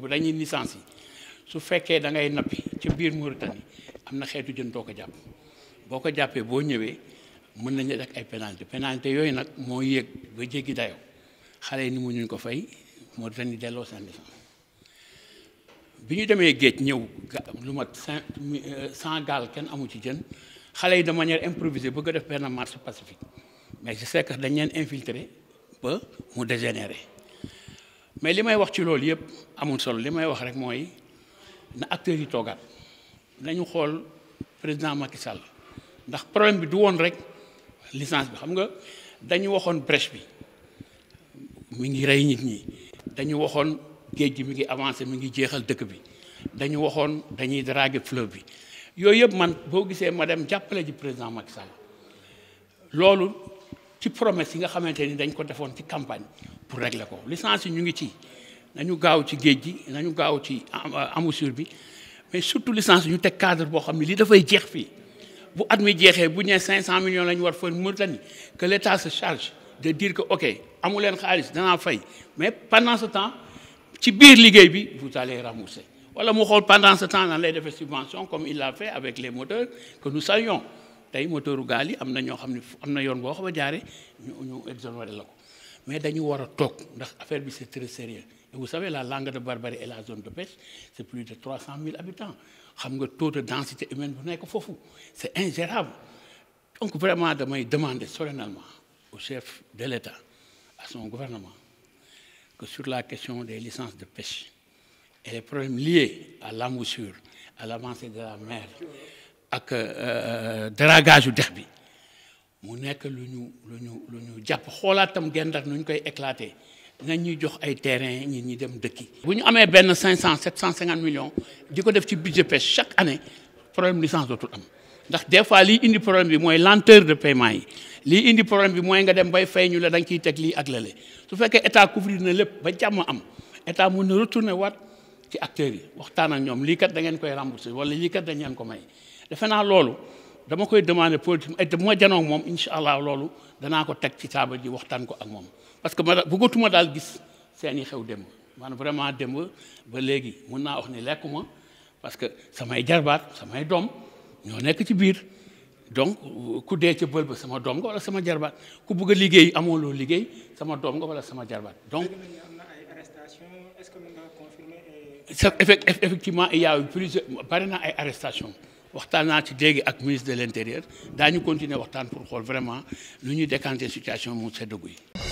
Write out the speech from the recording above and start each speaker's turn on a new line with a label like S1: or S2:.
S1: que dañuy licence yi su fekkee da ngay nappi ca biir Mauritanie am na xeetu jën doo ko jàpp boo ko jàppee boo ñëwee mën nañ def ay pénalité pénalité yooyu nag moo yéeg ba jéggi dayo xale yi ni mu ñu ko fay Mauritanie delloo seen licence bi ñu demee géej ñëw lu mat cinq euh, cent gaal kenn amu ci jën xale yi de manière improvisée bëgg a def benn marche pacifique mais je sais dañ leen infiltrer ba mu dégénérer mais li may wax ci loolu yëpp amul solo li may wax rek mooy na acteurs yi toogaat nañu xool président Macky Sall ndax problème bi du woon rek licence bi xam nga dañu waxoon brèche bi mu ngi rey nit ñi dañu waxoon géej gi mi ngi avancé mi ngi jeexal dëkk bi dañu waxoon dañuy draguer fleuve bi yooyu yëpp man boo gisee ma dem jàppale ji président Macky Sall loolu ci promesse yi nga xamante ni dañ ko defoon ci campagne pour régler ko licence yi ñu ngi ci nañu gaaw ci géej gi nañu gaaw ci euh, amoussure bi mais surtout licence ñu teg cadre boo xam ne lii dafay jeex fii bu at mi jeexee bu ñu 500 millions la ñu war fën Mauritanie que l'État se charge de dire que ok amu leen xaalis danaa fay mais pendant ce temps ci biir liggéey bi vous allez rembourser wala mu xool pendant ce temps nan lay defee subvention comme il l'a fait avec les moteurs que nous saluons mais dañu très sérieux vous savez la Langue de Barbarie et la zone de pêche c'est plus de 300 000 habitants xam taux de densité humaine bu c'est ingérable donc vraiment damay demander solennellement au chef de l'État à son gouvernement que sur la question des licences de pêche et les problèmes liés à moussure, à l'avancée de la mer ak euh, déragage yu dex bi mu nekk lu ñu lu ñu lu ñu jàpp xoolaatam gendar nu ñu koy éclater nañ ñuy jox ay terrain ñi ñi dem dëkki bu ñu amee benn cinq cent millions di ko def ci budget pêche chaque année problème licence dootul am ndax des fois lii indi problème bi mooy lenteur de paiement yi lii indi problème bi mooy nga dem bay fay ñu la da ciy teg lii ak lale su fekkee état couvrir na lépp ba jàmm am état mun na retourner wat ci acteurs yi waxtaan ak ñoom lii kat da ngeen koy rembourser wala lii kat dañ ngeen ko may defe naa loolu dama koy demander politique ay bu ma janoog moom incha allah loolu danaa ko teg ci taabal ji waxtaan ko ak moom parce que ma bëggatuma daal gis seen i xew dem maanaam vraiment démb ba léegi mun naa wax ni lekkuma parce que samay jarbaat samay doom ñoo nekk ci biir donc ku dee ci bël ba sama doom nga wala sama jarbaat ku bugg a liggéey amoo loo liggéey sama doom nga wala sama jarbaat donc euh, effectivement il y a eu plusieurs bari na ay arrestation waxtaan naa ci léegi ak ministre de l'intérieur daañu continué waxtaan pour xool vraiment lu ñuy décanter situation mu seddagu yi